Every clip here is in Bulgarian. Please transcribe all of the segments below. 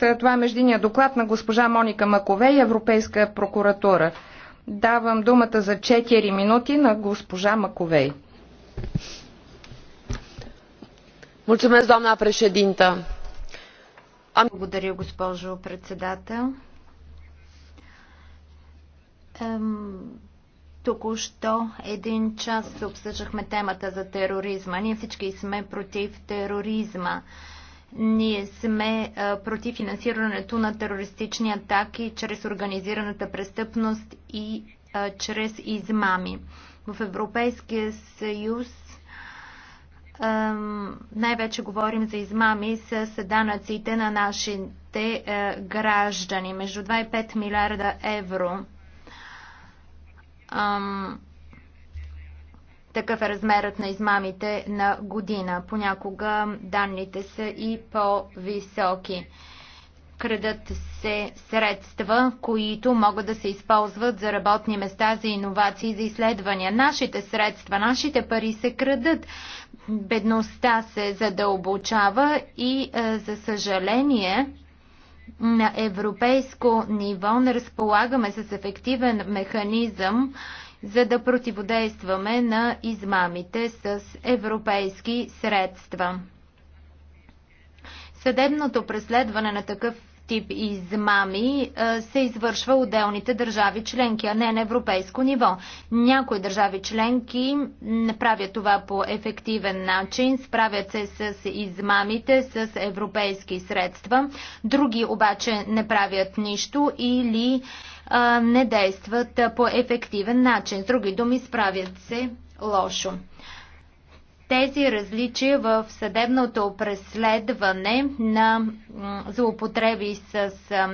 Е, това е междиния доклад на госпожа Моника Макове Европейска прокуратура. Давам думата за 4 минути на госпожа Маковей. Mulțumesc, doamna președintă. Благодаря, госпожо председател. Ем, Току-що един час обсъждахме темата за тероризма. Ние всички сме против тероризма. Ние сме против финансирането на терористични атаки чрез организираната престъпност и чрез измами. В Европейския съюз най-вече говорим за измами с данъците на нашите граждани. Между 2 и 5 милиарда евро такъв е размерът на измамите на година. Понякога данните са и по-високи. Крадат се средства, които могат да се използват за работни места, за иновации, за изследвания. Нашите средства, нашите пари се крадат. Бедността се задълбочава и, е, за съжаление, на европейско ниво не разполагаме с ефективен механизъм, за да противодействаме на измамите с европейски средства. Съдебното преследване на такъв тип измами се извършва отделните държави членки, а не на европейско ниво. Някои държави членки не правят това по ефективен начин, справят се с измамите с европейски средства, други обаче не правят нищо или а, не действат по ефективен начин. С други думи, справят се лошо. Тези различия в съдебното преследване на злоупотреби с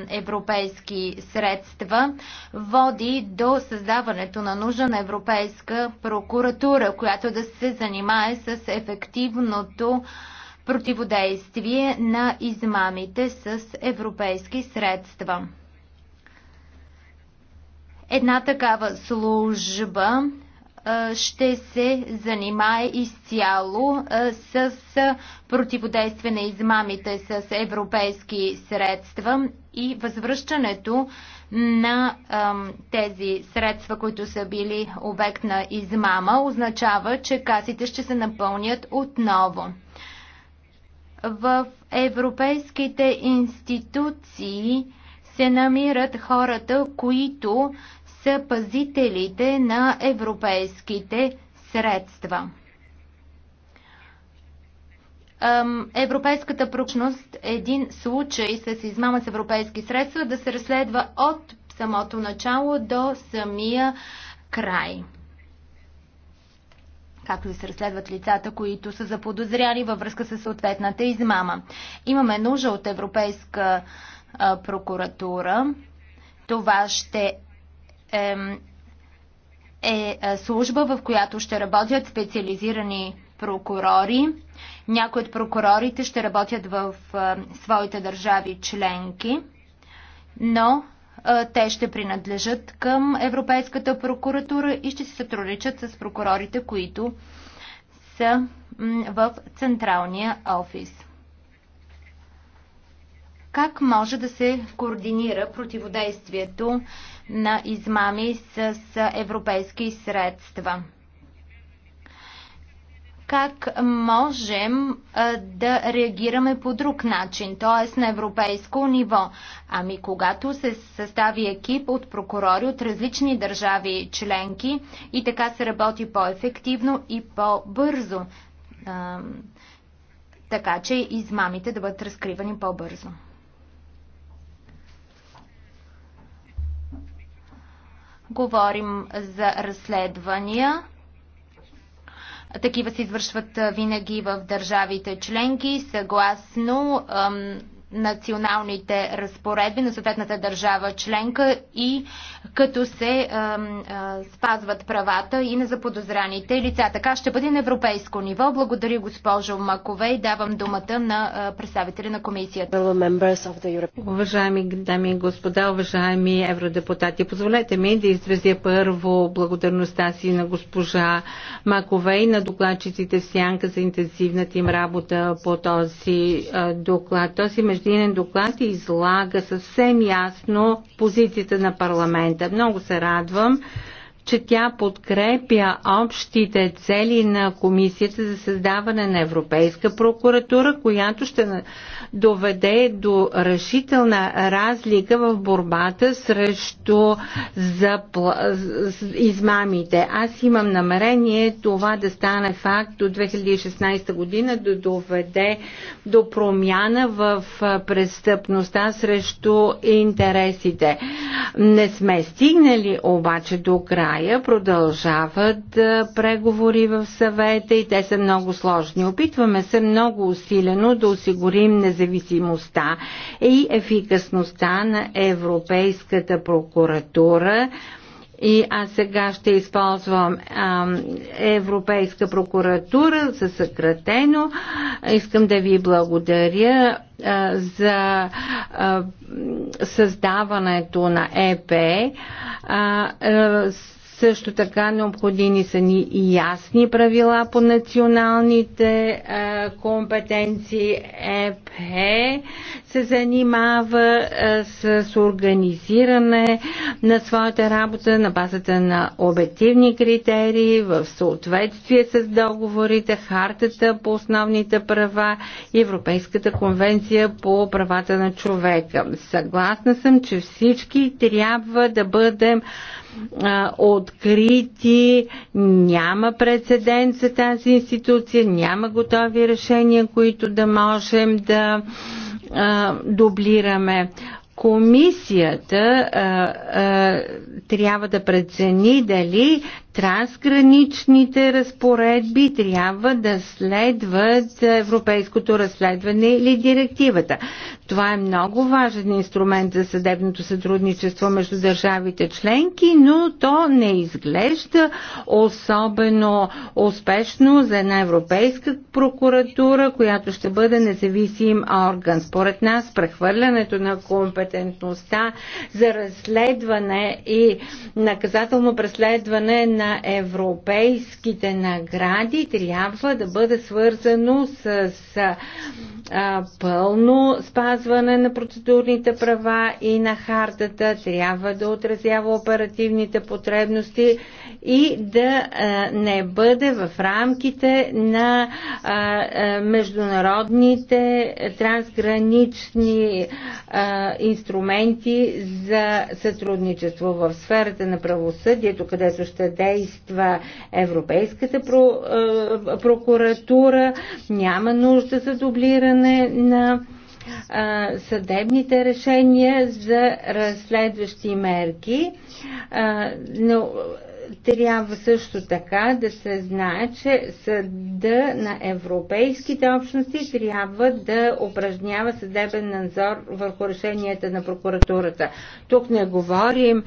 европейски средства води до създаването на нужда на Европейска прокуратура, която да се занимае с ефективното противодействие на измамите с европейски средства. Една такава служба ще се занимае изцяло с противодействие на измамите с европейски средства и възвръщането на тези средства, които са били обект на измама, означава, че касите ще се напълнят отново. В европейските институции се намират хората, които са пазителите на европейските средства. Европейската прочност е един случай с измама с европейски средства да се разследва от самото начало до самия край. Както и се разследват лицата, които са заподозряли във връзка с съответната измама. Имаме нужда от Европейска прокуратура. Това ще е, е служба, в която ще работят специализирани прокурори. Някои от прокурорите ще работят в е, своите държави членки, но е, те ще принадлежат към Европейската прокуратура и ще се сътрудничат с прокурорите, които са в централния офис. Как може да се координира противодействието на измами с европейски средства. Как можем да реагираме по друг начин, т.е. на европейско ниво? Ами когато се състави екип от прокурори от различни държави членки и така се работи по-ефективно и по-бързо така че измамите да бъдат разкривани по-бързо. Говорим за разследвания. Такива се извършват винаги в държавите членки, съгласно националните разпоредби на съответната държава членка и като се а, а, спазват правата и на заподозраните лица. Така ще бъде на европейско ниво. Благодаря госпожо Макове и давам думата на представителя на комисията. Уважаеми дами и господа, уважаеми евродепутати, позволете ми да изразя първо благодарността си на госпожа Макове и на докладчиците в Сянка за интензивната им работа по този доклад. Този между междинен доклад излага съвсем ясно позицията на парламента. Много се радвам, че тя подкрепя общите цели на Комисията за създаване на Европейска прокуратура, която ще доведе до решителна разлика в борбата срещу запл... измамите. Аз имам намерение това да стане факт до 2016 година, да доведе до промяна в престъпността срещу интересите. Не сме стигнали обаче до края, продължават преговори в съвета и те са много сложни. Опитваме се много усилено да осигурим независимост независимостта и ефикасността на Европейската прокуратура. И аз сега ще използвам а, Европейска прокуратура за съкратено. Искам да ви благодаря а, за а, създаването на ЕП. А, а, също така необходими са ни и ясни правила по националните а, компетенции. ЕПЕ се занимава а, с организиране на своята работа на базата на обективни критерии в съответствие с договорите, хартата по основните права и Европейската конвенция по правата на човека. Съгласна съм, че всички трябва да бъдем а, открити, няма прецедент за тази институция, няма готови решения, които да можем да а, дублираме. Комисията а, а, трябва да прецени дали трансграничните разпоредби трябва да следват европейското разследване или директивата. Това е много важен инструмент за съдебното сътрудничество между държавите членки, но то не изглежда особено успешно за една европейска прокуратура, която ще бъде независим орган. Според нас, прехвърлянето на компетентността за разследване и наказателно преследване на на европейските награди трябва да бъде свързано с, а, пълно спазване на процедурните права и на хартата, трябва да отразява оперативните потребности и да не бъде в рамките на международните трансгранични инструменти за сътрудничество в сферата на правосъдието, където ще действа Европейската прокуратура. Няма нужда за дублиране на съдебните решения за разследващи мерки. Но трябва също така да се знае, че съда на европейските общности трябва да упражнява съдебен надзор върху решенията на прокуратурата. Тук не говорим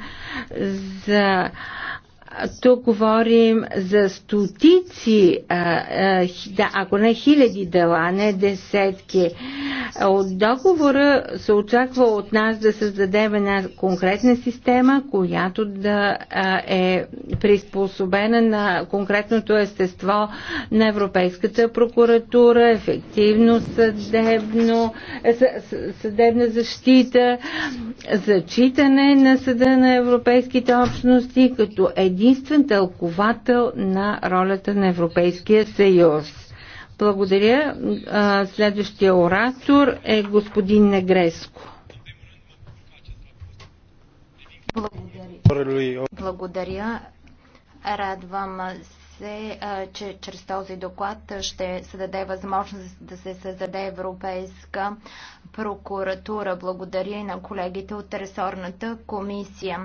за тук говорим за стотици, ако не хиляди дела, не десетки. От договора се очаква от нас да създадем една конкретна система, която да е приспособена на конкретното естество на Европейската прокуратура, ефективно съдебно, е, съдебна защита, зачитане на съда на европейските общности като един единствен тълковател на ролята на Европейския съюз. Благодаря. Следващия оратор е господин Негреско. Благодаря. Благодаря. Радвам се, че чрез този доклад ще се даде възможност да се създаде Европейска прокуратура. Благодаря и на колегите от ресорната комисия.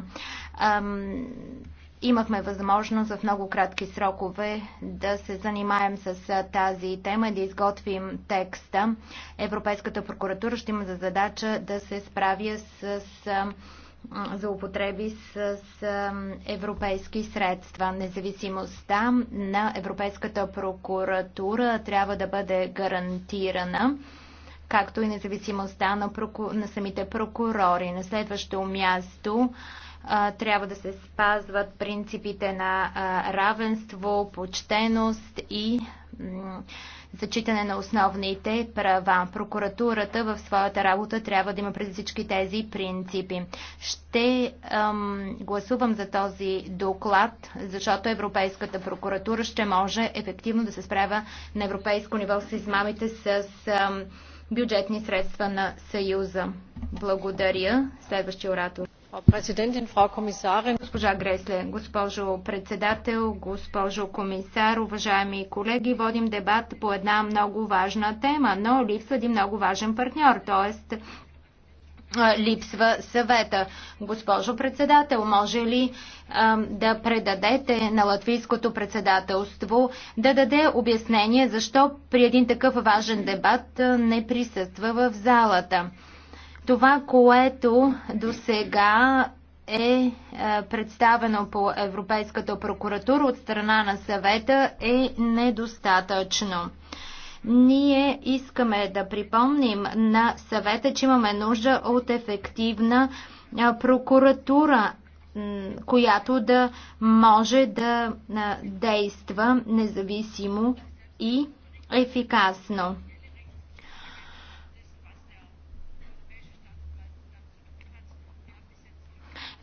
Имахме възможност в много кратки срокове да се занимаем с тази тема и да изготвим текста. Европейската прокуратура ще има за задача да се справя с злоупотреби с европейски средства. Независимостта на Европейската прокуратура трябва да бъде гарантирана както и независимостта на, проку... на самите прокурори. На следващо място трябва да се спазват принципите на равенство, почтеност и зачитане на основните права. Прокуратурата в своята работа трябва да има през всички тези принципи. Ще ем, гласувам за този доклад, защото Европейската прокуратура ще може ефективно да се справя на европейско ниво с измамите с ем, бюджетни средства на Съюза. Благодаря. Следващия оратор. Госпожа Гресле, госпожо председател, госпожо комисар, уважаеми колеги, водим дебат по една много важна тема, но липсва един много важен партньор, т.е. липсва съвета. Госпожо председател, може ли а, да предадете на латвийското председателство да даде обяснение защо при един такъв важен дебат не присъства в залата? Това, което до сега е, е представено по Европейската прокуратура от страна на съвета е недостатъчно. Ние искаме да припомним на съвета, че имаме нужда от ефективна прокуратура, която да може да действа независимо и ефикасно.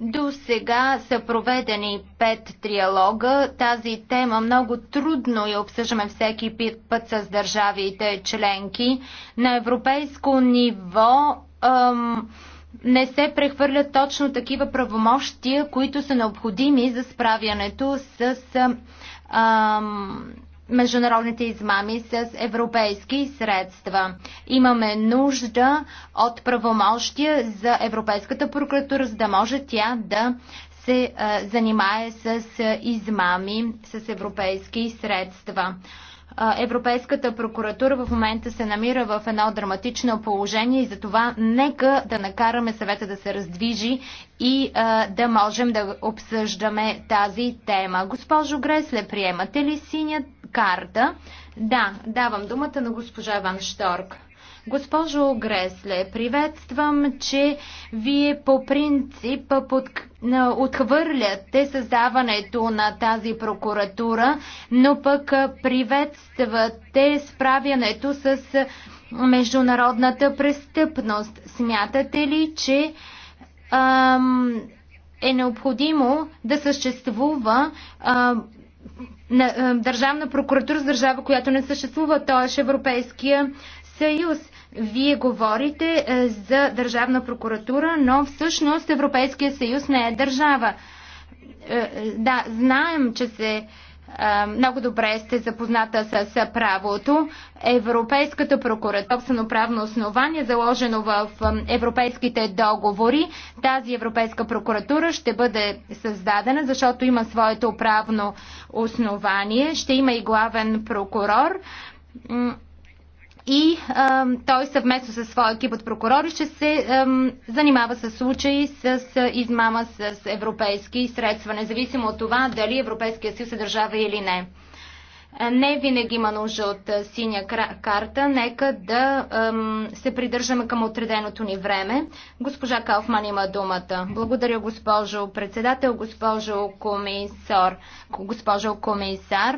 До сега са проведени пет триалога. Тази тема много трудно я обсъждаме всеки път с държавите членки. На европейско ниво ам, не се прехвърлят точно такива правомощия, които са необходими за справянето с ам, международните измами с европейски средства. Имаме нужда от правомощия за Европейската прокуратура, за да може тя да се а, занимае с измами с европейски средства. Европейската прокуратура в момента се намира в едно драматично положение и затова нека да накараме съвета да се раздвижи и а, да можем да обсъждаме тази тема. Госпожо Гресле, приемате ли синят карта. Да, давам думата на госпожа Ван Шторк. Госпожо Гресле, приветствам, че вие по принцип под... отхвърляте създаването на тази прокуратура, но пък приветствате справянето с международната престъпност. Смятате ли, че ам, е необходимо да съществува ам, на, е, държавна прокуратура с държава, която не съществува, т.е. Европейския съюз. Вие говорите е, за държавна прокуратура, но всъщност Европейския съюз не е държава. Е, да, знаем, че се много добре сте запозната с правото. Европейската прокуратура, собствено правно основание, заложено в европейските договори. Тази Европейска прокуратура ще бъде създадена, защото има своето правно основание. Ще има и главен прокурор и а, той съвместно със своя екип от прокурори ще се а, занимава с случаи с измама с европейски средства, независимо от това дали Европейския съюз е държава или не. Е, не винаги има нужда от е, синя карта. Нека да ем, се придържаме към отреденото ни време. Госпожа Калфман има думата. Благодаря, госпожо председател, госпожо комисар. Госпожо комисар,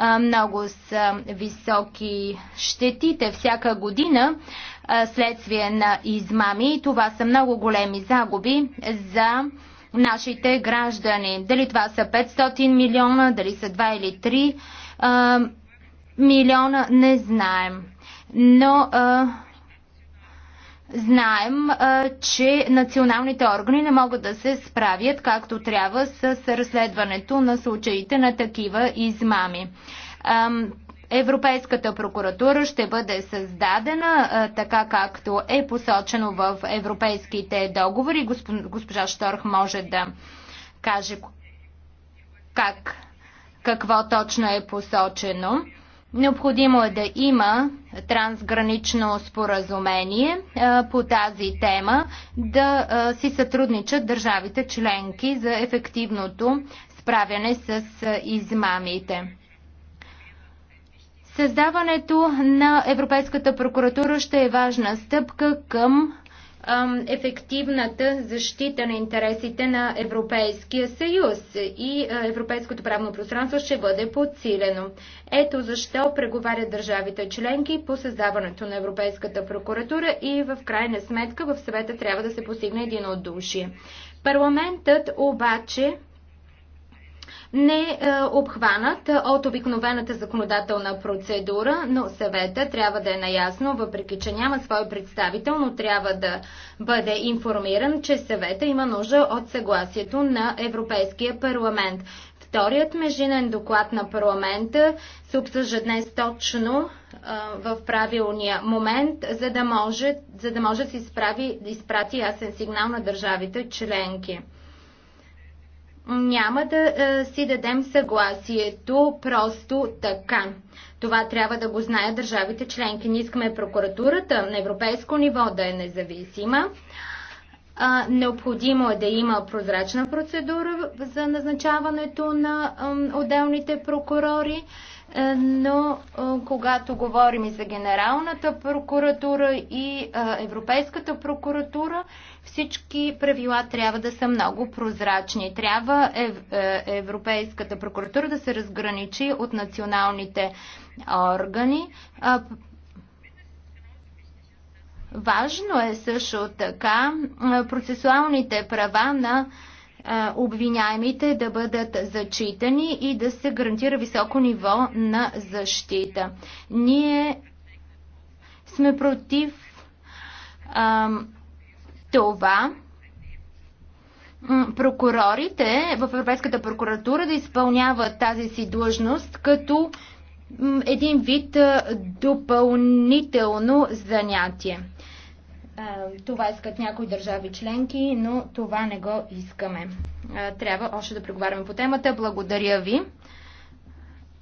е, много са високи щетите всяка година следствие на измами. Това са много големи загуби за нашите граждани. Дали това са 500 милиона, дали са 2 или 3 а, милиона не знаем. Но а, знаем, а, че националните органи не могат да се справят както трябва с разследването на случаите на такива измами. А, Европейската прокуратура ще бъде създадена така както е посочено в европейските договори. Госпожа Шторх може да каже как какво точно е посочено. Необходимо е да има трансгранично споразумение по тази тема, да си сътрудничат държавите членки за ефективното справяне с измамите. Създаването на Европейската прокуратура ще е важна стъпка към ефективната защита на интересите на Европейския съюз и европейското правно пространство ще бъде подсилено. Ето защо преговарят държавите членки по създаването на Европейската прокуратура и в крайна сметка в съвета трябва да се постигне един от души. Парламентът обаче не е обхванат от обикновената законодателна процедура, но съвета трябва да е наясно, въпреки че няма свой представител, но трябва да бъде информиран, че съвета има нужда от съгласието на Европейския парламент. Вторият межинен доклад на парламента се обсъжда днес точно а, е, в правилния момент, за да може, за да може да се изправи, да изпрати ясен сигнал на държавите членки няма да е, си дадем съгласието просто така. Това трябва да го знаят държавите членки. Ние искаме прокуратурата на европейско ниво да е независима. А, необходимо е да има прозрачна процедура за назначаването на а, отделните прокурори. Е, но е, когато говорим и за Генералната прокуратура и е, Европейската прокуратура, всички правила трябва да са много прозрачни. Трябва Европейската прокуратура да се разграничи от националните органи. Важно е също така процесуалните права на обвиняемите да бъдат зачитани и да се гарантира високо ниво на защита. Ние сме против а, това прокурорите в Европейската прокуратура да изпълняват тази си длъжност като един вид допълнително занятие. Е, това искат някои държави членки, но това не го искаме. Е, трябва още да преговаряме по темата. Благодаря ви.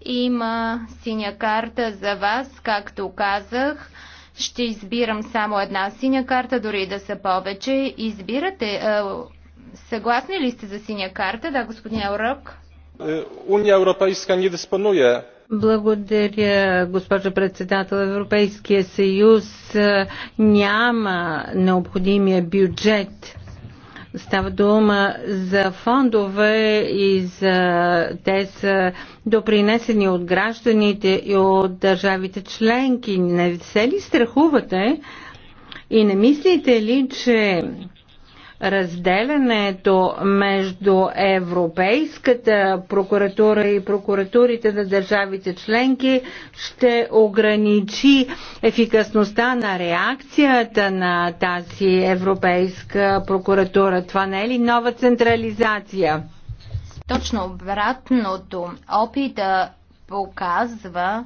Има синя карта за вас, както казах. Ще избирам само една синя карта, дори да са повече. Избирате. Е, съгласни ли сте за синя карта? Да, господин Рок. Уния Европейска не диспонуе благодаря, госпожо председател. Европейския съюз няма необходимия бюджет Става дума за фондове и за те са допринесени от гражданите и от държавите членки. Не се ли страхувате и не мислите ли, че разделянето между Европейската прокуратура и прокуратурите на държавите членки ще ограничи ефикасността на реакцията на тази Европейска прокуратура. Това не е ли нова централизация? Точно обратното. Опита показва,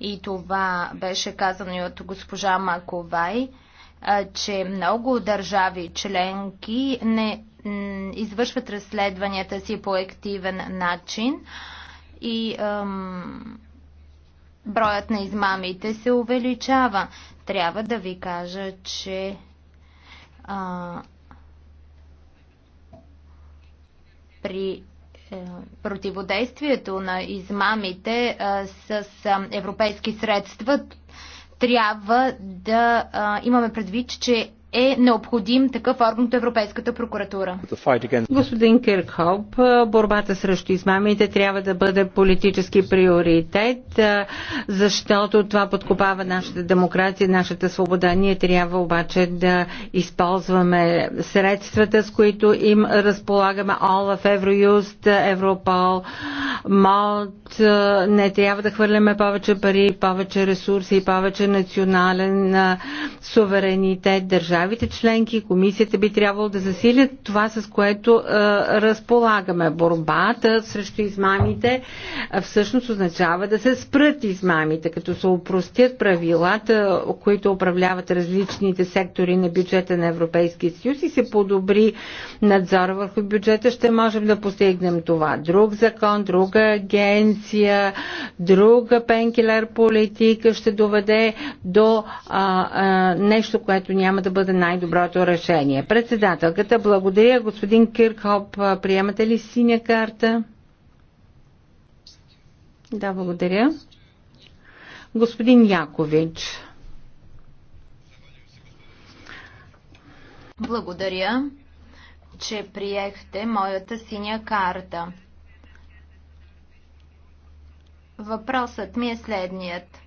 и това беше казано и от госпожа Маковай, че много държави членки не извършват разследванията си по активен начин и ем, броят на измамите се увеличава. Трябва да ви кажа, че а, при е, противодействието на измамите с европейски средства трябва да а, имаме предвид, че е необходим такъв орган от Европейската прокуратура. Господин Киркхоп, борбата срещу измамите трябва да бъде политически приоритет, защото това подкопава нашата демокрация, нашата свобода. Ние трябва обаче да използваме средствата, с които им разполагаме ОЛАФ, Евроюст, Европол, МОД. Не трябва да хвърляме повече пари, повече ресурси, повече национален суверенитет Държава държавите членки и комисията би трябвало да засилят това, с което е, разполагаме. Борбата срещу измамите е, всъщност означава да се спрат измамите, като се упростят правилата, които управляват различните сектори на бюджета на Европейския съюз и се подобри надзор върху бюджета, ще можем да постигнем това. Друг закон, друга агенция, друга пенкилер политика ще доведе до а, а, нещо, което няма да бъде за най-доброто решение. Председателката, благодаря. Господин Киркхоп, приемате ли синя карта? Да, благодаря. Господин Якович. Благодаря, че приехте моята синя карта. Въпросът ми е следният.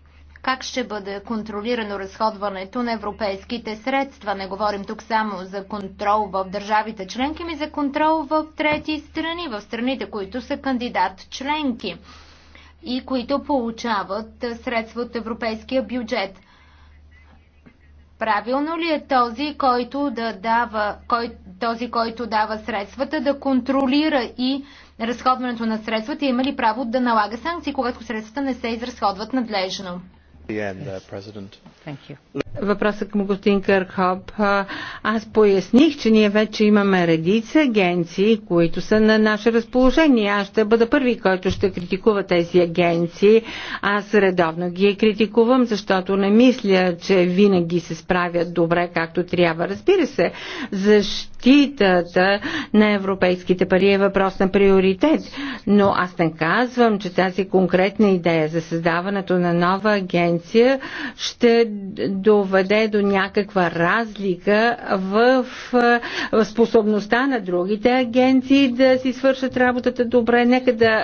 Как ще бъде контролирано разходването на европейските средства? Не говорим тук само за контрол в държавите членки, ми за контрол в трети страни, в страните, които са кандидат членки и които получават средства от европейския бюджет. Правилно ли е този, който да дава, кой, този, който дава средствата, да контролира и разходването на средствата и има ли право да налага санкции, когато средствата не се изразходват надлежно? Uh, Въпросът към господин Кърхоп. Аз поясних, че ние вече имаме редица агенции, които са на наше разположение. Аз ще бъда първи, който ще критикува тези агенции. Аз редовно ги критикувам, защото не мисля, че винаги се справят добре, както трябва. Разбира се, защитата на европейските пари е въпрос на приоритет. Но аз не казвам, че тази конкретна идея за създаването на нова агенция конкуренция ще доведе до някаква разлика в способността на другите агенции да си свършат работата добре. Нека да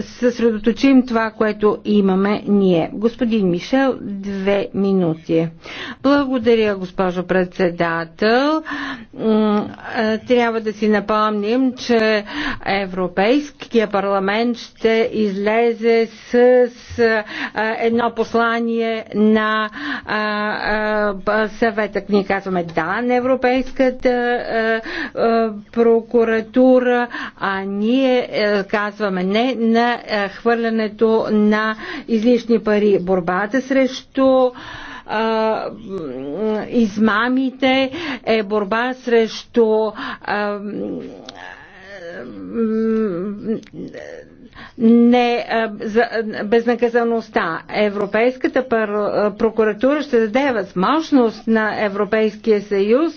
съсредоточим това, което имаме ние. Господин Мишел, две минути. Благодаря, госпожо председател. Трябва да си напомним, че Европейския парламент ще излезе с едно послание послание на а, а, съвета. Ние казваме да на Европейската а, а, прокуратура, а ние а, е, казваме не на а, е, хвърлянето на излишни пари. Борбата срещу измамите е борба срещу а, не, за, безнаказаността. Европейската прокуратура ще даде възможност на Европейския съюз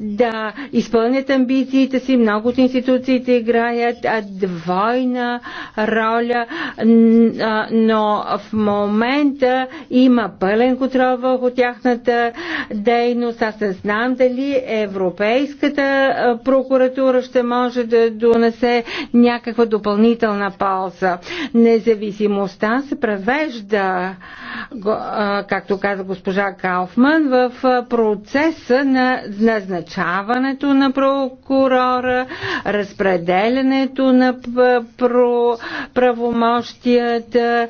да изпълнят амбициите си. Много от институциите играят двойна роля, но в момента има пълен контрол върху тяхната дейност. Аз не знам дали Европейската прокуратура ще може да донесе някаква допълнителна полза въпроса. Независимостта се превежда, както каза госпожа Кауфман, в процеса на назначаването на прокурора, разпределянето на правомощията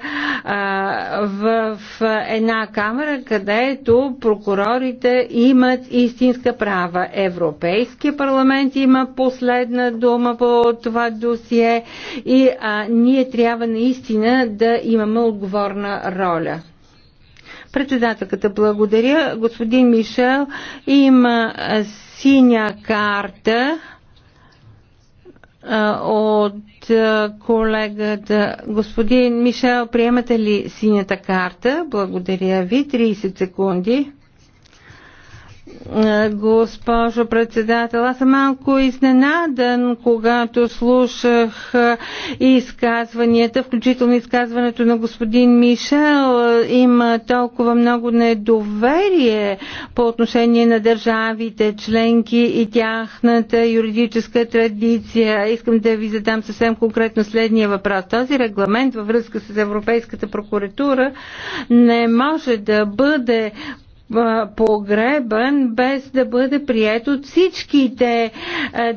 в една камера, където прокурорите имат истинска права. Европейския парламент има последна дума по това досие и а, ние ние трябва наистина да имаме отговорна роля. Председателката благодаря. Господин Мишел има синя карта от колегата. Господин Мишел, приемате ли синята карта? Благодаря ви. 30 секунди. Е, госпожо председател. Аз съм малко изненадан, когато слушах е, изказванията, включително изказването на господин Мишел. Има толкова много недоверие по отношение на държавите, членки и тяхната юридическа традиция. Искам да ви задам съвсем конкретно следния въпрос. Този регламент във връзка с Европейската прокуратура не може да бъде погребан, без да бъде прият от всичките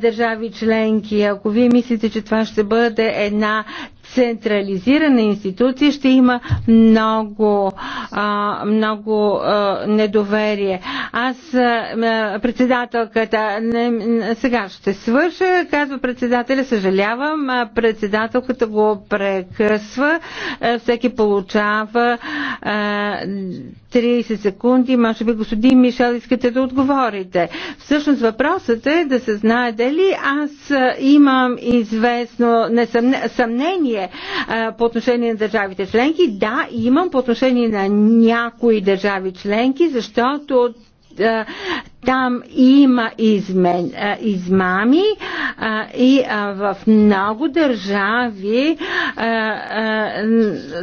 държави членки. Ако вие мислите, че това ще бъде една централизирана институция ще има много, а, много а, недоверие. Аз, а, председателката, не, сега ще свърша, казва председателя, съжалявам, а председателката го прекъсва, а, всеки получава а, 30 секунди, може би господин Мишел искате да отговорите. Всъщност въпросът е да се знае дали аз имам известно несъмнение, съмнение доверие по отношение на държавите членки. Да, имам по отношение на някои държави членки, защото там има измен, измами и в много държави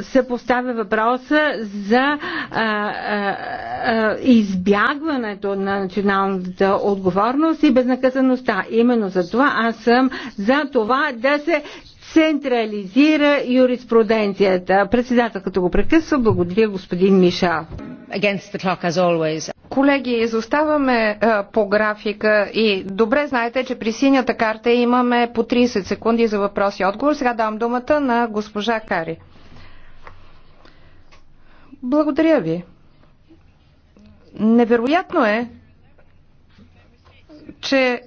се поставя въпроса за избягването на националната отговорност и безнаказаността. Именно за това аз съм за това да се централизира юриспруденцията. Председателката го прекъсва. Благодаря господин Мишал. Clock, Колеги, изоставаме а, е, по графика и добре знаете, че при синята карта имаме по 30 секунди за въпрос и отговор. Сега давам думата на госпожа Кари. Благодаря ви. Невероятно е, че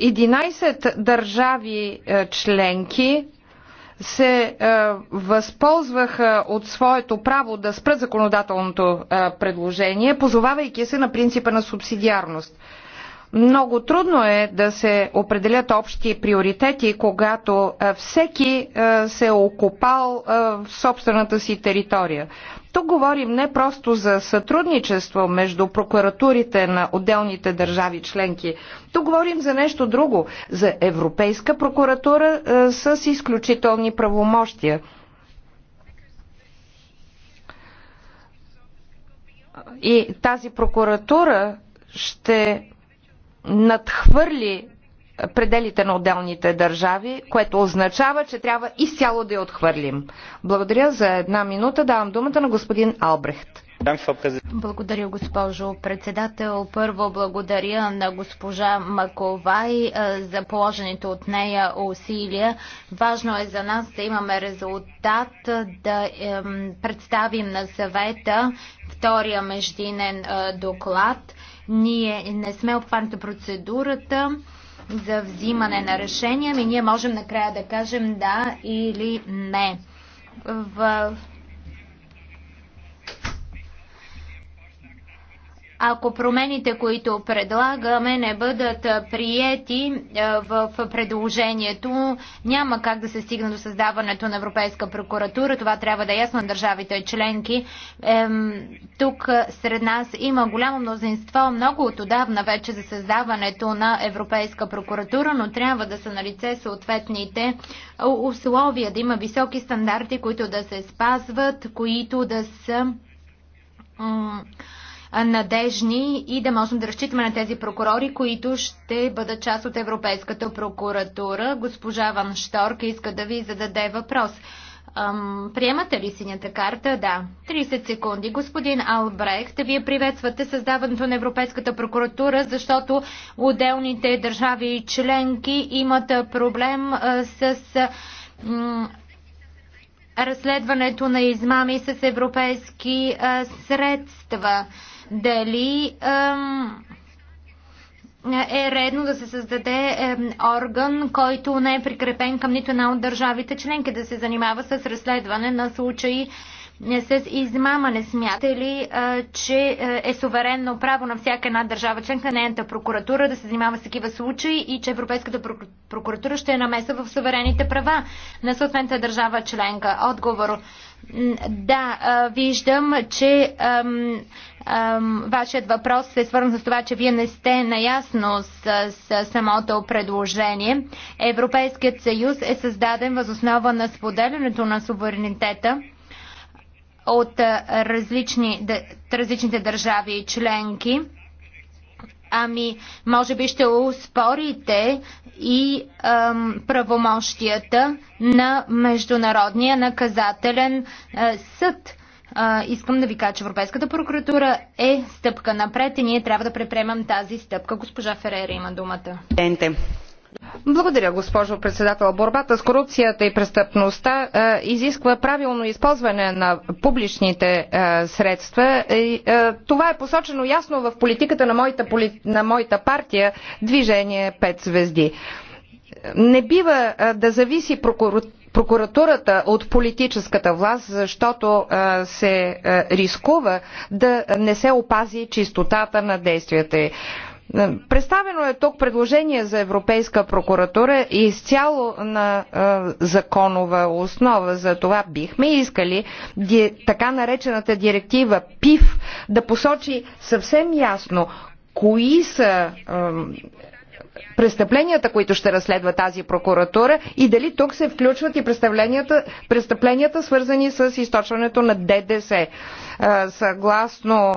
11 държави е, членки се е, възползваха от своето право да спрат законодателното е, предложение, позовавайки се на принципа на субсидиарност. Много трудно е да се определят общи приоритети, когато всеки се е окопал в собствената си територия. Тук говорим не просто за сътрудничество между прокуратурите на отделните държави членки. Тук говорим за нещо друго, за Европейска прокуратура с изключителни правомощия. И тази прокуратура ще надхвърли пределите на отделните държави, което означава, че трябва изцяло да я отхвърлим. Благодаря за една минута. Давам думата на господин Албрехт. Благодаря, госпожо председател. Първо благодаря на госпожа Маковай за положените от нея усилия. Важно е за нас да имаме резултат, да представим на съвета втория междинен доклад ние не сме обхванати процедурата за взимане на решения, ми ние можем накрая да кажем да или не. В ако промените, които предлагаме, не бъдат приети в предложението, няма как да се стигне до създаването на Европейска прокуратура. Това трябва да е ясно на държавите членки. тук сред нас има голямо мнозинство, много от отдавна вече за създаването на Европейска прокуратура, но трябва да са на лице съответните условия, да има високи стандарти, които да се спазват, които да са надежни и да можем да разчитаме на тези прокурори, които ще бъдат част от Европейската прокуратура. Госпожа Ван Шторк иска да ви зададе въпрос. Ам, приемате ли синята карта? Да. 30 секунди. Господин Албрехт, вие приветствате създаването на Европейската прокуратура, защото отделните държави и членки имат проблем а, с разследването на измами с европейски а, средства дали е редно да се създаде орган, който не е прикрепен към нито една от държавите членки, да се занимава с разследване на случаи с измама. Не смята ли, че е суверенно право на всяка една държава членка, нейната прокуратура да се занимава с такива случаи и че Европейската прокуратура ще е намеса в суверените права на съответната държава членка? Отговор. Да, виждам, че вашият въпрос е свързан с това, че вие не сте наясно с, с самото предложение. Европейският съюз е създаден възоснова на споделянето на суверенитета от различни, различните държави и членки. Ами, може би ще успорите и ам, правомощията на Международния наказателен а, съд. А, искам да ви кажа, че Европейската прокуратура е стъпка напред и ние трябва да предприемам тази стъпка. Госпожа Ферера има думата. Благодаря, госпожо председател. Борбата с корупцията и престъпността е, изисква правилно използване на публичните е, средства. Е, е, това е посочено ясно в политиката на моята, поли... на моята партия Движение 5 звезди. Не бива е, да зависи прокуратурата прокуратурата от политическата власт, защото е, се е, рискува да не се опази чистотата на действията й. Представено е тук предложение за Европейска прокуратура и изцяло на е, законова основа. За това бихме искали ди, така наречената директива ПИФ да посочи съвсем ясно кои са е, престъпленията, които ще разследва тази прокуратура и дали тук се включват и престъпленията, престъпленията свързани с източването на ДДС. Съгласно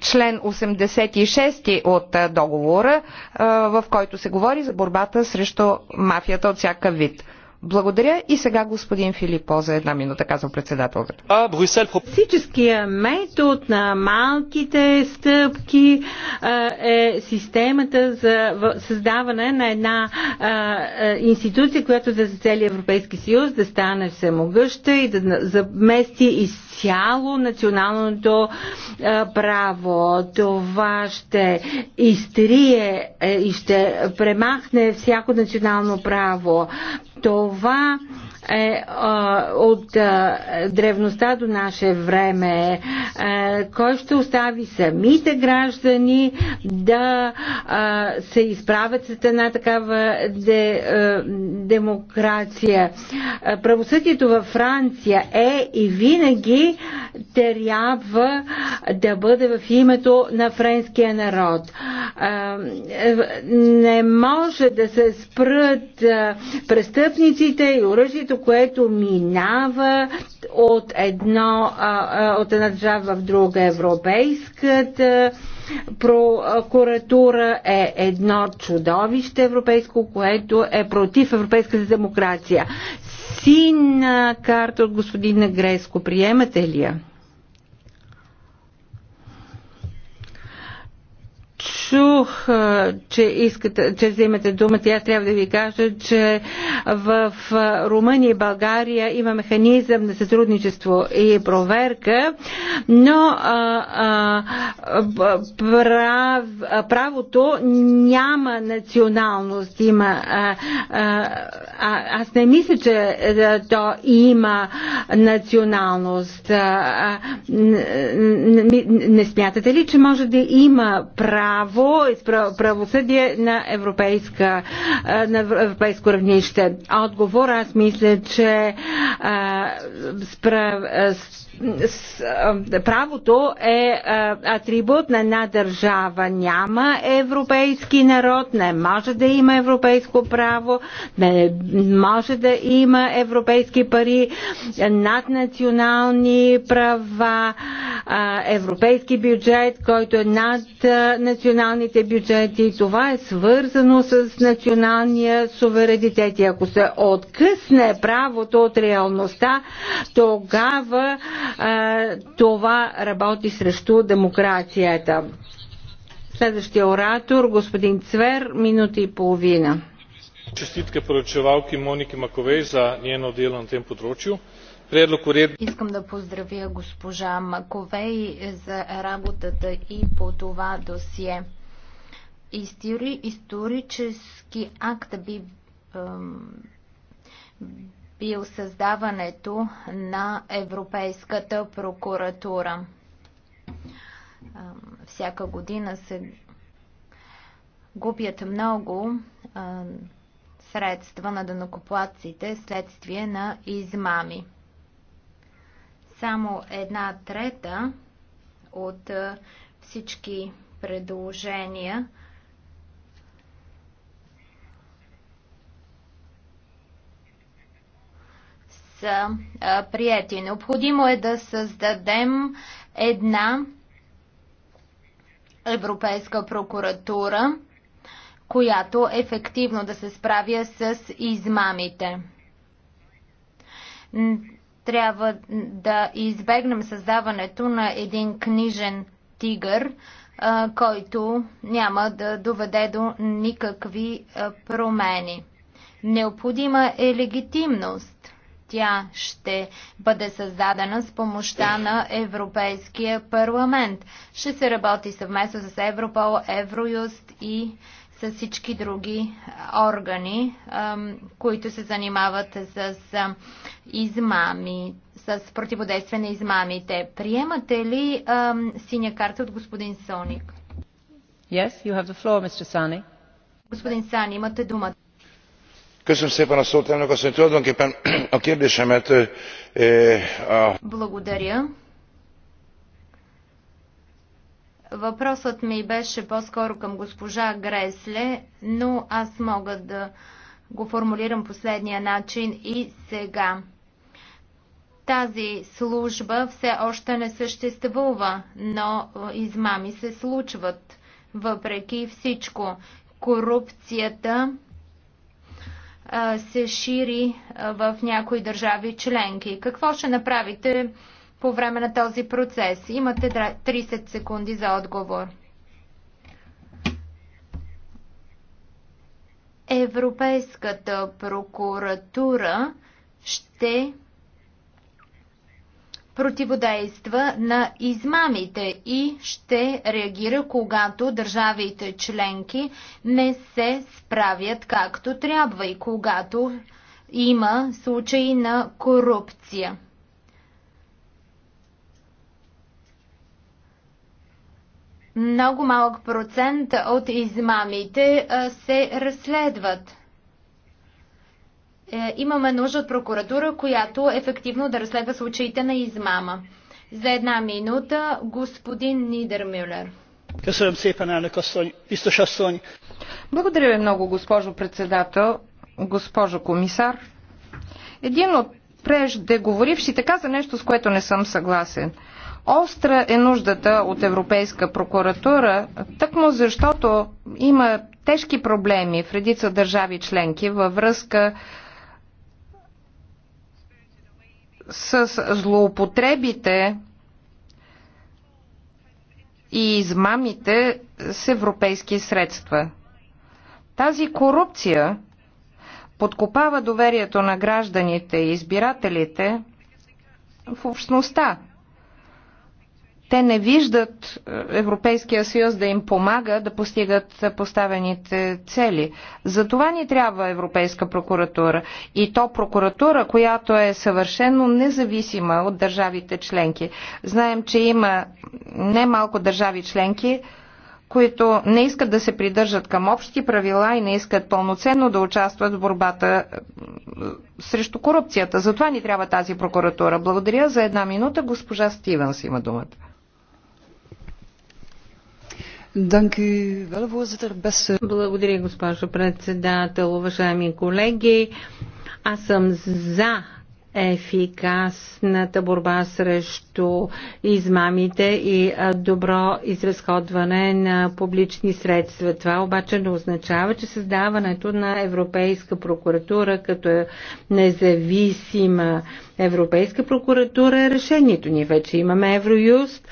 член 86 от договора, в който се говори за борбата срещу мафията от всяка вид. Благодаря и сега господин Филипо за една минута, казва председателката. А, Брюсел... метод на малките стъпки е системата за създаване на една институция, която за целия Европейски съюз да стане всемогъща и да замести изцяло националното право. Това ще изтрие е, и ще премахне всяко национално право. Това е а, от а, древността до наше време. А, е, кой ще остави самите граждани да а, се изправят с една такава де, а, демокрация? А, правосъдието във Франция е и винаги трябва да бъде в името на френския народ. А, не може да се спрат а, престъпниците и оръжията времето, което минава от, едно, от една държава в друга европейската прокуратура е едно чудовище европейско, което е против европейската демокрация. Син карта от господина Греско, приемате ли я? чух, че, искате, че вземете думата и аз трябва да ви кажа, че в Румъния и България има механизъм на сътрудничество и проверка, но а, а, прав, правото няма националност. Има, а, а, аз не мисля, че то има националност. Не, не смятате ли, че може да има право право и правосъдие на, европейска, на европейско равнище. Отговор, аз мисля, че а, справ, правото е атрибут на една държава. Няма европейски народ, не може да има европейско право, не може да има европейски пари, наднационални права, европейски бюджет, който е над националните бюджети. Това е свързано с националния суверенитет. И ако се откъсне правото от реалността, тогава това работи срещу демокрацията. Следващия оратор, господин Цвер, минута и половина. Честитка поръчевалки Моники Маковей за нейно дело на тем уред... Искам да поздравя госпожа Маковей за работата и по това досие. Истори, исторически акт би бил създаването на Европейската прокуратура. Всяка година се губят много средства на данокоплаците следствие на измами. Само една трета от всички предложения са а, прияти. Необходимо е да създадем една Европейска прокуратура, която ефективно да се справя с измамите. Трябва да избегнем създаването на един книжен тигър, който няма да доведе до никакви промени. Необходима е легитимност тя ще бъде създадена с помощта на Европейския парламент. Ще се работи съвместно с Европол, Евроюст и с всички други органи, които се занимават с измами, с противодействие на измамите. Приемате ли синя карта от господин Соник? Yes, you have the floor, Mr. Sani. Господин Сани, имате думата. Благодаря. Въпросът ми беше по-скоро към госпожа Гресле, но аз мога да го формулирам последния начин и сега. Тази служба все още не съществува, но е, измами се случват. Въпреки всичко, корупцията се шири в някои държави членки. Какво ще направите по време на този процес? Имате 30 секунди за отговор. Европейската прокуратура ще противодейства на измамите и ще реагира, когато държавите членки не се справят както трябва и когато има случаи на корупция. Много малък процент от измамите се разследват. Е, имаме нужда от прокуратура, която ефективно да разследва случаите на измама. За една минута господин Нидермюлер. Благодаря ви много, госпожо председател, госпожо комисар. Един от преждеговорившите каза нещо, с което не съм съгласен. Остра е нуждата от Европейска прокуратура, тъкмо защото има тежки проблеми в редица държави членки във връзка с злоупотребите и измамите с европейски средства. Тази корупция подкопава доверието на гражданите и избирателите в общността, те не виждат е, Европейския съюз да им помага да постигат поставените цели. За това ни трябва Европейска прокуратура. И то прокуратура, която е съвършено независима от държавите членки. Знаем, че има немалко държави членки, които не искат да се придържат към общи правила и не искат пълноценно да участват в борбата е, срещу корупцията. Затова ни трябва тази прокуратура. Благодаря за една минута. Госпожа Стивенс има думата. Благодаря, госпожо председател, уважаеми колеги. Аз съм за ефикасната борба срещу измамите и добро изразходване на публични средства. Това обаче не означава, че създаването на Европейска прокуратура като независима Европейска прокуратура е решението. Ние вече имаме Евроюст,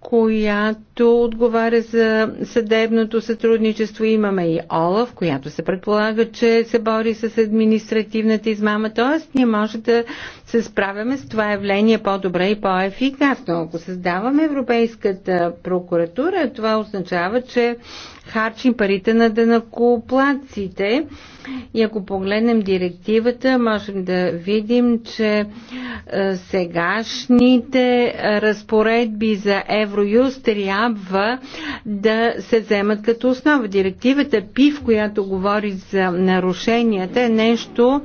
която отговаря за съдебното сътрудничество. Имаме и Олаф, която се предполага, че се бори с административната измама. Тоест, ние може да се справяме с това явление по-добре и по-ефикасно. Ако създаваме Европейската прокуратура, това означава, че харчим парите на дънакоплаците. Да и ако погледнем директивата, можем да видим, че е, сегашните разпоредби за Евроюз трябва да се вземат като основа. Директивата ПИВ, която говори за нарушенията, е нещо,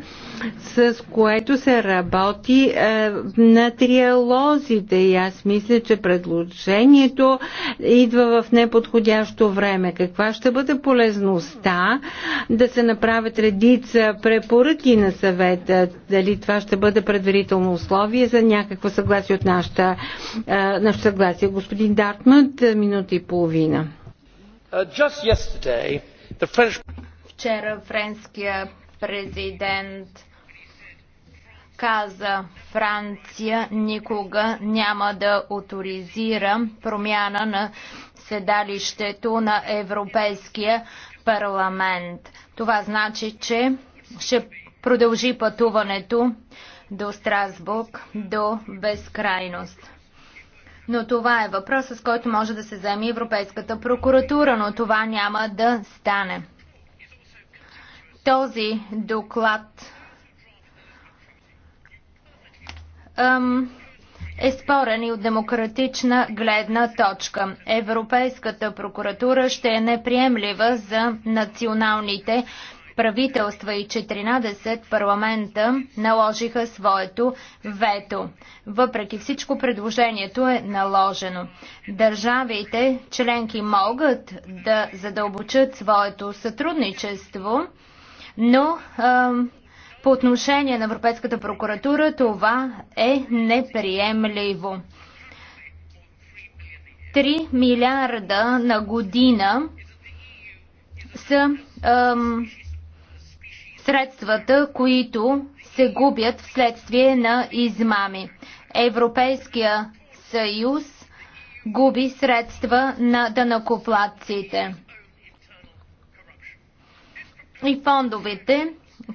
с което се работи е, на триалозите. И аз мисля, че предложението идва в неподходящо време. Каква ще бъде полезността да се направят редица препоръки на съвета? Дали това ще бъде предварително условие за някакво съгласие от нашата, е, нашата съгласие? Господин Дартмът, минута и половина. Uh, Вчера френския президент каза Франция, никога няма да авторизира промяна на седалището на Европейския парламент. Това значи, че ще продължи пътуването до Страсбург до безкрайност. Но това е въпрос, с който може да се вземе Европейската прокуратура, но това няма да стане. Този доклад е спорен и от демократична гледна точка. Европейската прокуратура ще е неприемлива за националните правителства и 14 парламента наложиха своето вето. Въпреки всичко предложението е наложено. Държавите членки могат да задълбочат своето сътрудничество, но по отношение на Европейската прокуратура това е неприемливо. 3 милиарда на година са ем, средствата, които се губят вследствие на измами. Европейския съюз губи средства на данакоплаците. И фондовете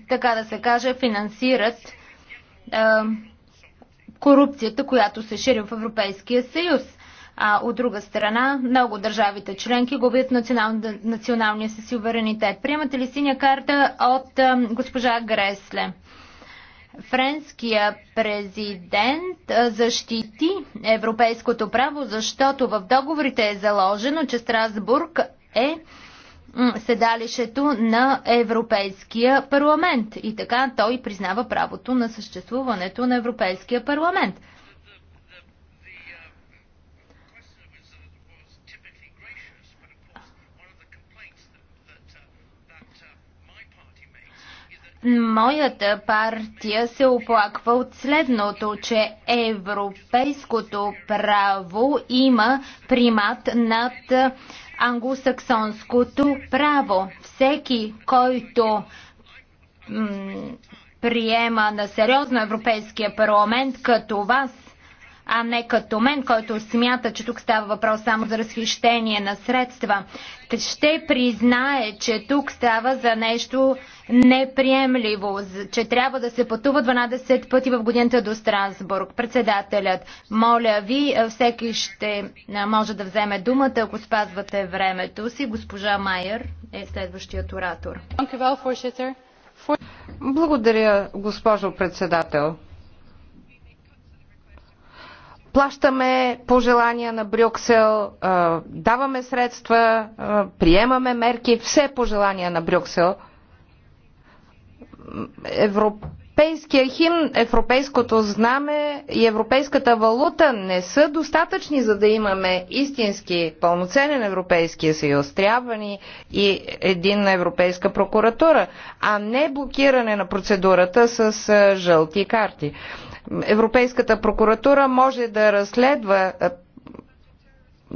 така да се каже, финансират а, корупцията, която се шири в Европейския съюз. А от друга страна, много държавите членки губят национал, националния си суверенитет. Приемате ли синя карта от а, госпожа Гресле? Френския президент защити европейското право, защото в договорите е заложено, че Страсбург е седалището на Европейския парламент. И така той признава правото на съществуването на Европейския парламент. Моята партия се оплаква от следното, че европейското право има примат над англосаксонското право. Всеки, който приема на сериозно Европейския парламент като вас а не като мен, който смята, че тук става въпрос само за разхищение на средства, ще признае, че тук става за нещо неприемливо, че трябва да се пътува 12 пъти в годината до Страсбург. Председателят, моля ви, е, всеки ще е, може да вземе думата, ако спазвате времето си. Госпожа Майер е следващият оратор. Благодаря, госпожо председател плащаме пожелания на Брюксел, даваме средства, приемаме мерки, все пожелания на Брюксел. Европейския химн, европейското знаме и европейската валута не са достатъчни, за да имаме истински пълноценен Европейския съюз. Трябва ни и единна Европейска прокуратура, а не блокиране на процедурата с жълти карти. Европейската прокуратура може да разследва е,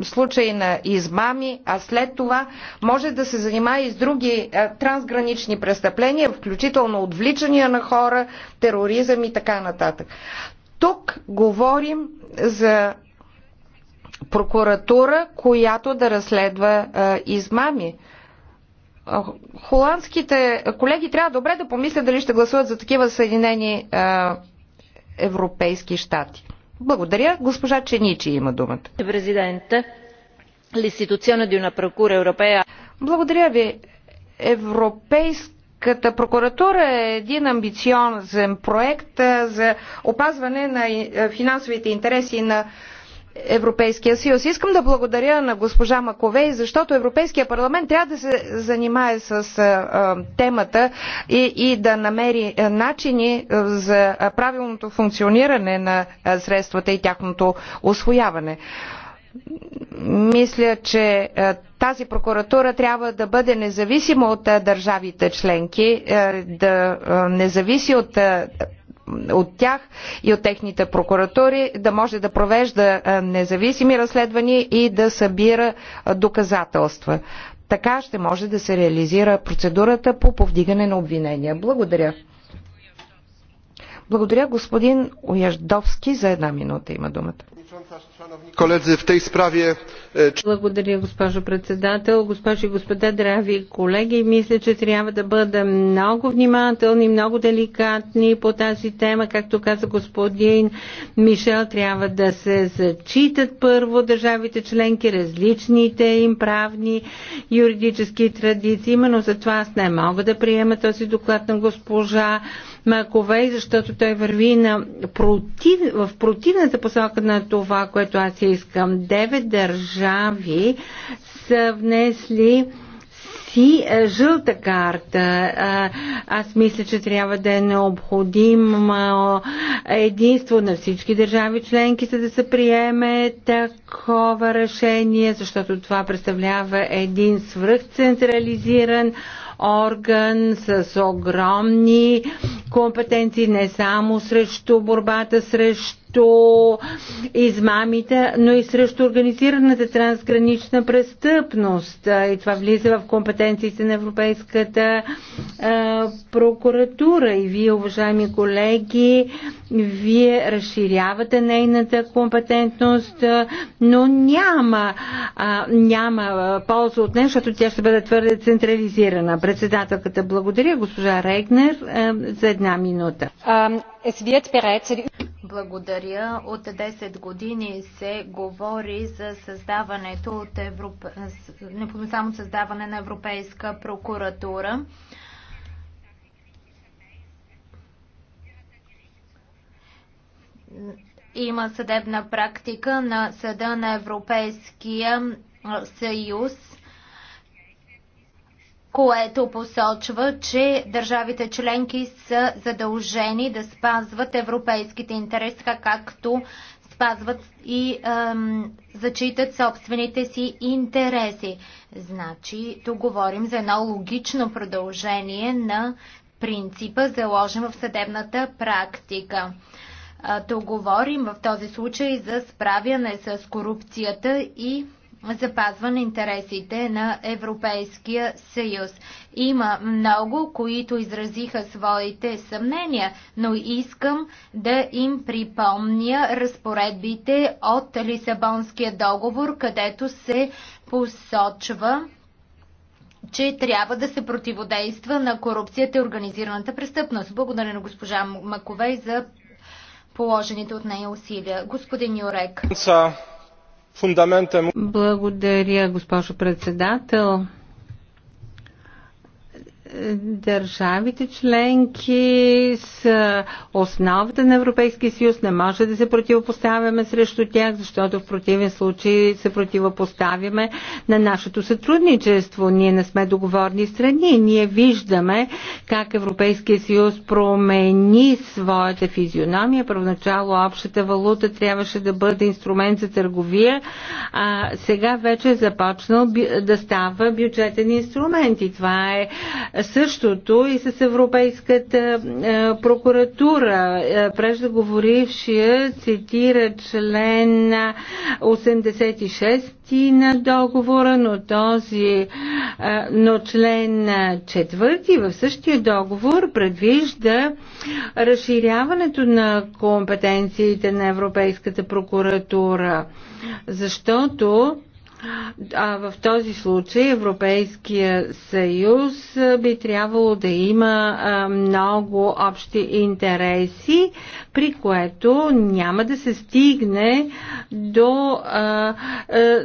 случаи на измами, а след това може да се занимава и с други е, трансгранични престъпления, включително отвличания на хора, тероризъм и така нататък. Тук говорим за прокуратура, която да разследва а, е, измами. холандските колеги трябва добре да помислят дали ще гласуват за такива Съединени а, европейски щати. Благодаря. Госпожа Ченичи има думата. Благодаря ви. Европейската прокуратура е един амбициозен проект за опазване на финансовите интереси на Европейския съюз. Искам да благодаря на госпожа Маковей, защото Европейския парламент трябва да се занимае с темата и, и да намери начини за правилното функциониране на средствата и тяхното освояване. Мисля, че тази прокуратура трябва да бъде независима от държавите членки, да не зависи от от тях и от техните прокуратури да може да провежда независими разследвания и да събира доказателства. Така ще може да се реализира процедурата по повдигане на обвинения. Благодаря. Благодаря господин Ояждовски за една минута има думата. E, Благодаря, госпожо председател. Госпожи и господа, драви колеги, мисля, че трябва да бъдем много внимателни, много деликатни по тази тема. Както каза господин Мишел, трябва да се зачитат първо държавите членки, различните им правни юридически традиции. Именно за това аз не мога да приема този доклад на госпожа Маковей, защото той върви на против, в противната посока на това, това, което аз искам. Девет държави са внесли си е, жълта карта. Аз мисля, че трябва да е необходимо е, единство на всички държави членки, за да се приеме такова решение, защото това представлява един свръхцентрализиран орган с огромни компетенции не само срещу борбата срещу измамите, но и срещу организираната трансгранична престъпност. И това влиза в компетенциите на Европейската прокуратура. И вие, уважаеми колеги, вие разширявате нейната компетентност, но няма, няма полза от нея, защото тя ще бъде твърде централизирана. Председателката благодаря, госпожа Регнер, за една минута. Е, Благодаря. От 10 години се говори за създаването от Европ... Само създаване на Европейска прокуратура. Има съдебна практика на Съда на Европейския съюз което посочва, че държавите членки са задължени да спазват европейските интереси, така както спазват и ем, зачитат собствените си интереси. Значи, тук говорим за едно логично продължение на принципа, заложен в съдебната практика. Тук говорим в този случай за справяне с корупцията и запазва на интересите на Европейския съюз. Има много, които изразиха своите съмнения, но искам да им припомня разпоредбите от Лисабонския договор, където се посочва че трябва да се противодейства на корупцията и организираната престъпност. Благодаря на госпожа Маковей за положените от нея усилия. Господин Юрек фундаментом. Е Благодаря, госпожо председател държавите членки са основата на Европейския съюз. Не може да се противопоставяме срещу тях, защото в противен случай се противопоставяме на нашето сътрудничество. Ние не сме договорни страни. Ние виждаме как Европейския съюз промени своята физиономия. Първоначало общата валута трябваше да бъде инструмент за търговия, а сега вече е започнал да става бюджетен инструмент и това е Същото и с Европейската е, прокуратура. Е, преждеговорившия цитира член 86 на договора, но този, е, но член 4 в същия договор предвижда разширяването на компетенциите на Европейската прокуратура, защото а в този случай Европейския съюз би трябвало да има много общи интереси, при което няма да се стигне до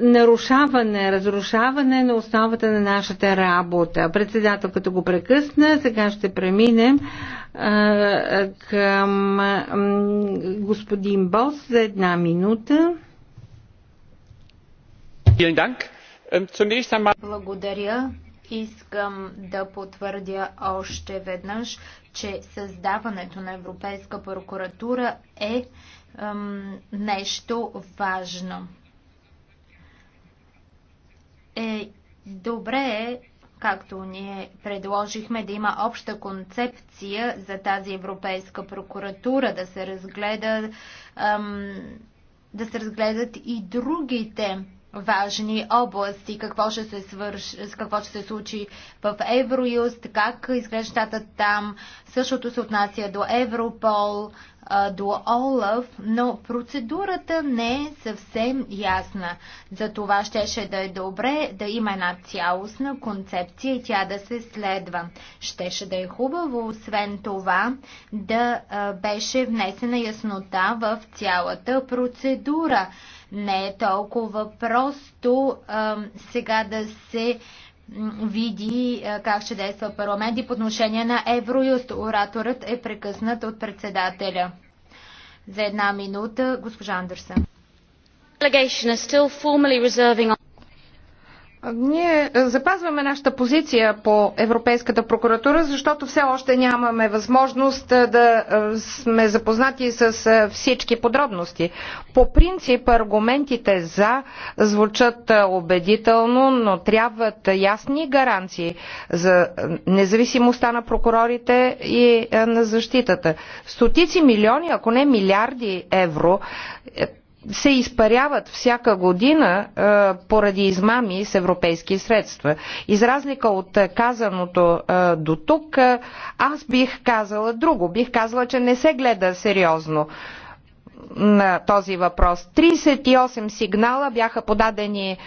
нарушаване, разрушаване на основата на нашата работа. Председателката го прекъсна, сега ще преминем към господин Бос за една минута. Ähm, Благодаря. Искам да потвърдя още веднъж, че създаването на Европейска прокуратура е ем, нещо важно. Е, добре е, както ние предложихме, да има обща концепция за тази Европейска прокуратура, да се разгледа. Ем, да се разгледат и другите важни области. Какво ще се, свърш, какво ще се случи в Евроюст, как изглеждат там. Същото се отнася до Европол, до Олаф, но процедурата не е съвсем ясна. За това щеше да е добре да има една цялостна концепция и тя да се следва. Щеше да е хубаво, освен това, да беше внесена яснота в цялата процедура не е толкова просто а, сега да се види как ще действа парламент и по отношение на Евроюст. Ораторът е прекъснат от председателя. За една минута госпожа Андерсън. Ние е, запазваме нашата позиция по Европейската прокуратура, защото все още нямаме възможност е, да е, сме запознати с всички подробности. По принцип аргументите за звучат убедително, но трябват ясни гаранции за независимостта на прокурорите и на защитата. Стотици милиони, ако не милиарди евро се изпаряват всяка година е, поради измами с европейски средства. Изразлика от казаното е, до тук, е, аз бих казала друго. Бих казала, че не се гледа сериозно на този въпрос. 38 сигнала бяха подадени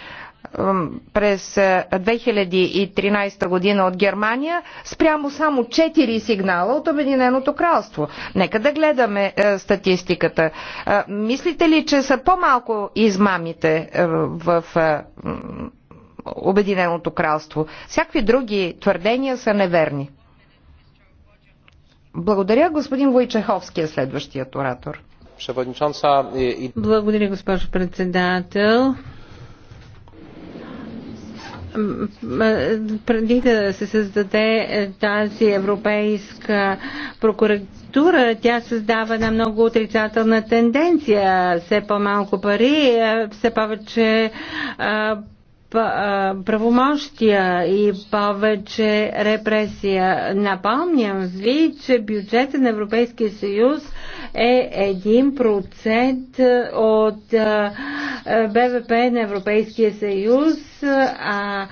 през 2013 година от Германия спрямо само 4 сигнала от Обединеното кралство. Нека да гледаме статистиката. Мислите ли, че са по-малко измамите в Обединеното кралство? Всякакви други твърдения са неверни. Благодаря, господин Войчеховски е следващият оратор. Е, Благодаря, госпожо председател преди да се създаде тази европейска прокуратура, тя създава една много отрицателна тенденция. Все по-малко пари, е, все повече е, правомощия и повече репресия. Напомням ви, че бюджета на Европейския съюз е 1% от БВП на Европейския съюз, а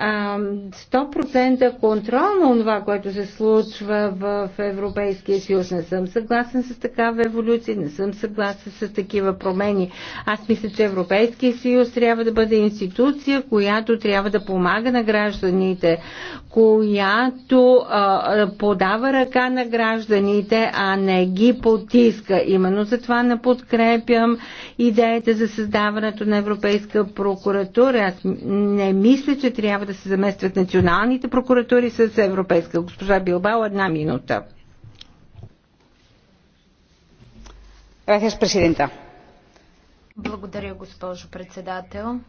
100% контрол на това, което се случва в Европейския съюз. Не съм съгласен с такава еволюция, не съм съгласен с такива промени. Аз мисля, че Европейския съюз трябва да бъде институция, институция, която трябва да помага на гражданите, която а, подава ръка на гражданите, а не ги потиска. Именно за това не подкрепям идеята за създаването на Европейска прокуратура. Аз не мисля, че трябва да се заместват националните прокуратури с Европейска. Госпожа Билбао, една минута. Благодаря, госпожо председател.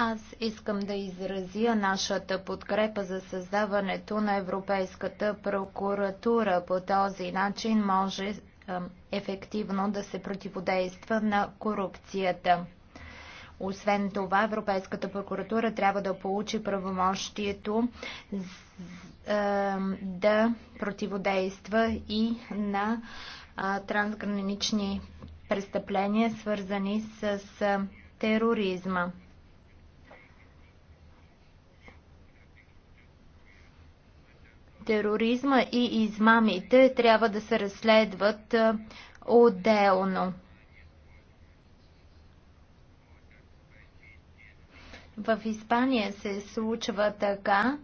Аз искам да изразя нашата подкрепа за създаването на Европейската прокуратура. По този начин може ефективно да се противодейства на корупцията. Освен това, Европейската прокуратура трябва да получи правомощието да противодейства и на трансгранични престъпления, свързани с тероризма. тероризма и измамите трябва да се разследват отделно. В Испания се случва така,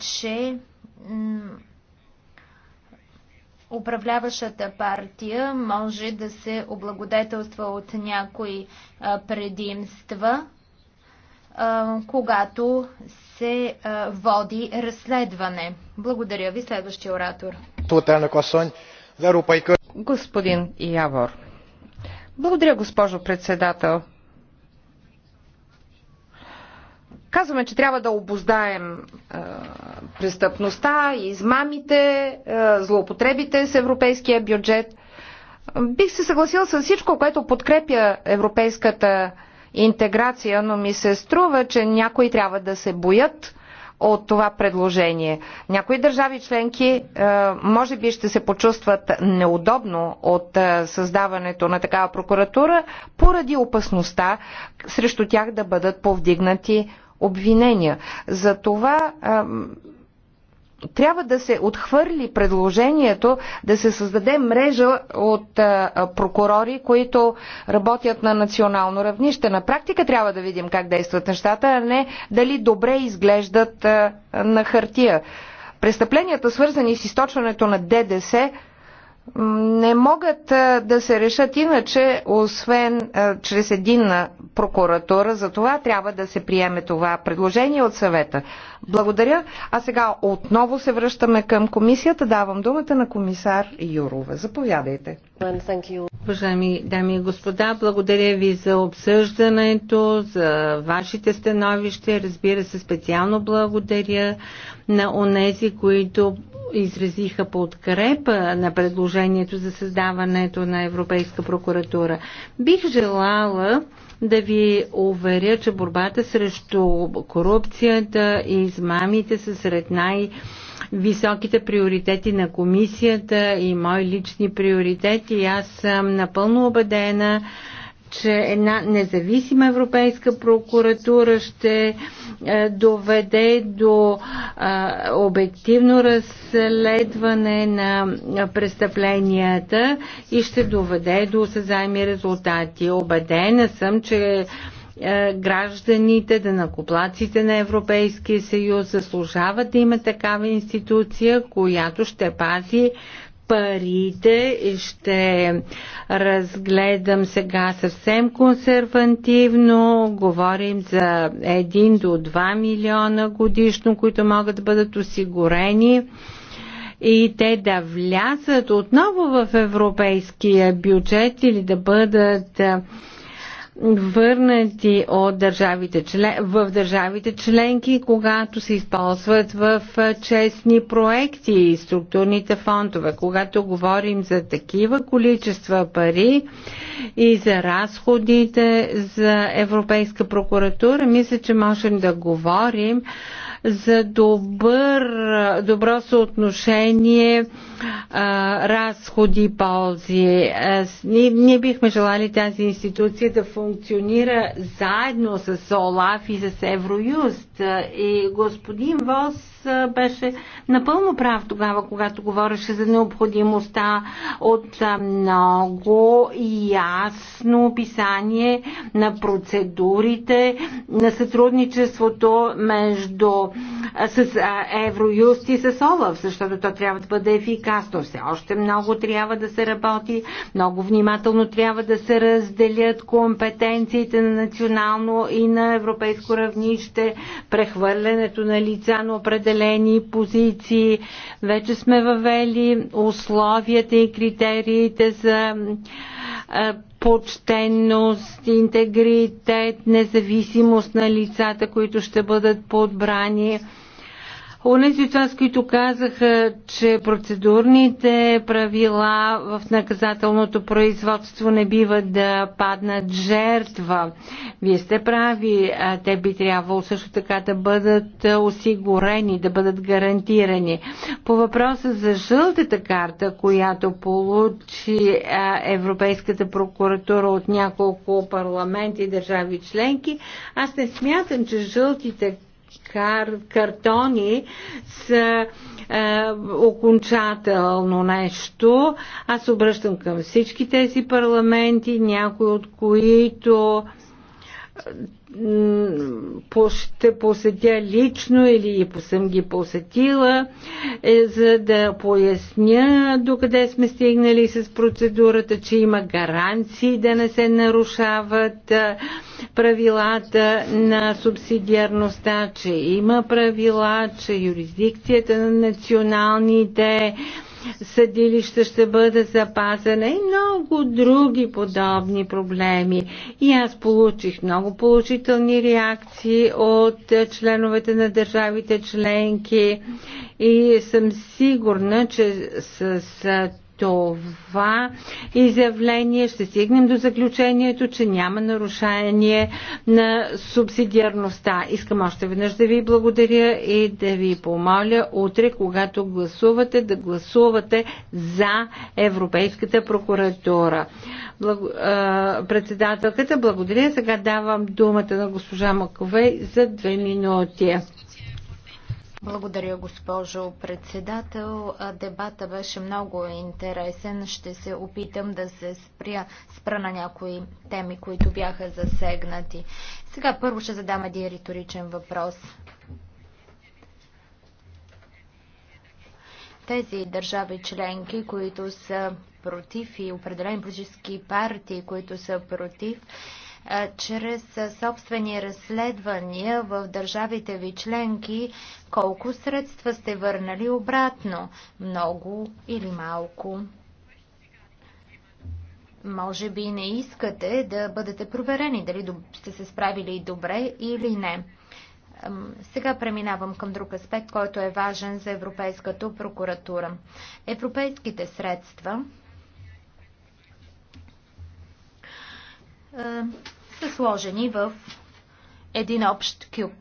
че управляващата партия може да се облагодетелства от някои предимства когато се води разследване. Благодаря ви, следващия оратор. Господин Явор. Благодаря, госпожо председател. Казваме, че трябва да обоздаем е, престъпността, измамите, е, злоупотребите с европейския бюджет. Бих се съгласил с всичко, което подкрепя Европейската интеграция, но ми се струва, че някои трябва да се боят от това предложение. Някои държави членки е, може би ще се почувстват неудобно от е, създаването на такава прокуратура поради опасността срещу тях да бъдат повдигнати обвинения. За това е, трябва да се отхвърли предложението да се създаде мрежа от прокурори, които работят на национално равнище. На практика трябва да видим как действат нещата, а не дали добре изглеждат на хартия. Престъпленията, свързани с източването на ДДС, не могат да се решат иначе, освен чрез единна прокуратура. За това трябва да се приеме това предложение от съвета. Благодаря. А сега отново се връщаме към комисията. Давам думата на комисар Юрова. Заповядайте. Уважаеми дами и господа, благодаря ви за обсъждането, за вашите становища. Разбира се, специално благодаря на онези, които изразиха подкрепа на предложението за създаването на Европейска прокуратура. Бих желала да ви уверя, че борбата срещу корупцията и измамите са сред най- високите приоритети на комисията и мои лични приоритети. Аз съм напълно убедена, че една независима европейска прокуратура ще е, доведе до е, обективно разследване на престъпленията и ще доведе до осъзаеми резултати. Обедена съм, че е, гражданите, данакоплаците на Европейския съюз заслужават да има такава институция, която ще пази парите ще разгледам сега съвсем консервативно. Говорим за 1 до 2 милиона годишно, които могат да бъдат осигурени и те да влязат отново в европейския бюджет или да бъдат върнати от държавите в държавите членки, когато се използват в честни проекти и структурните фондове. Когато говорим за такива количества пари и за разходите за Европейска прокуратура, мисля, че можем да говорим за добър, добро съотношение разходи, ползи. Ние, ние бихме желали тази институция да функционира заедно с ОЛАФ и с Евроюст. И господин Вос беше напълно прав тогава, когато говореше за необходимостта от много ясно описание на процедурите, на сътрудничеството между с Евроюст и с ОЛАФ, защото то трябва да бъде ефикасно ефикасно. Все още много трябва да се работи, много внимателно трябва да се разделят компетенциите на национално и на европейско равнище, прехвърлянето на лица на определени позиции. Вече сме въвели условията и критериите за почтенност, интегритет, независимост на лицата, които ще бъдат подбрани. Онези от вас, които казаха, че процедурните правила в наказателното производство не бива да паднат жертва. Вие сте прави, те би трябвало също така да бъдат осигурени, да бъдат гарантирани. По въпроса за жълтата карта, която получи Европейската прокуратура от няколко парламенти и държави членки, аз не смятам, че жълтите кар, картони са а, е, окончателно нещо. Аз обръщам към всички тези парламенти, някои от които ще посетя лично или съм ги посетила, е, за да поясня докъде сме стигнали с процедурата, че има гаранции да не се нарушават правилата на субсидиарността, че има правила, че юрисдикцията на националните съдилища ще бъдат запазена и много други подобни проблеми. И аз получих много положителни реакции от членовете на държавите членки и съм сигурна, че с това изявление ще стигнем до заключението, че няма нарушение на субсидиарността. Искам още веднъж да ви благодаря и да ви помоля утре, когато гласувате, да гласувате за Европейската прокуратура. Благо... Председателката, благодаря. Сега давам думата на госпожа Маковей за две минути. Благодаря, госпожо председател. Дебата беше много интересен. Ще се опитам да се спря, спра на някои теми, които бяха засегнати. Сега първо ще задам един риторичен въпрос. Тези държави членки, които са против и определени политически партии, които са против, чрез собствени разследвания в държавите ви членки, колко средства сте върнали обратно? Много или малко? Може би не искате да бъдете проверени дали сте се справили добре или не. Сега преминавам към друг аспект, който е важен за Европейската прокуратура. Европейските средства Е, са сложени в един общ кюб.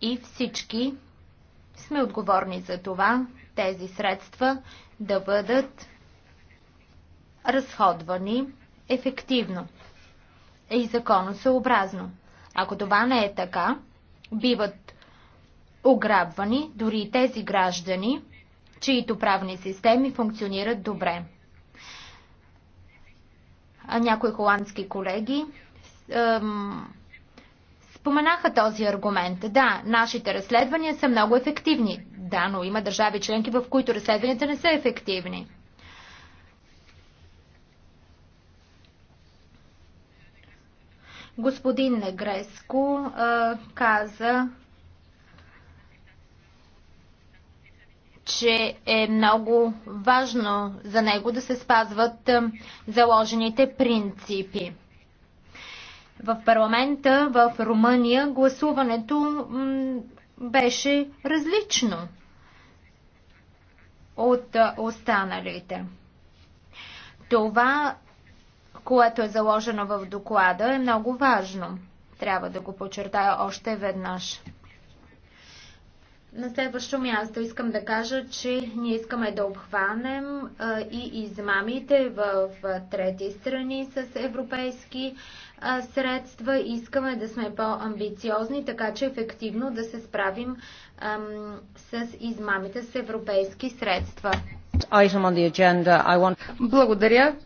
И всички сме отговорни за това тези средства да бъдат разходвани ефективно и законосъобразно. Ако това не е така, биват ограбвани дори и тези граждани, чието правни системи функционират добре някои холандски колеги споменаха този аргумент. Да, нашите разследвания са много ефективни. Да, но има държави членки, в които разследванията не са ефективни. Господин Негреско каза, че е много важно за него да се спазват заложените принципи. В парламента в Румъния гласуването беше различно от е, останалите. Това, което е заложено в доклада, е много важно. Трябва да го подчертая още веднъж. На следващо място искам да кажа, че ние искаме да обхванем и измамите в трети страни с европейски средства. Искаме да сме по-амбициозни, така че ефективно да се справим с измамите с европейски средства. Благодаря.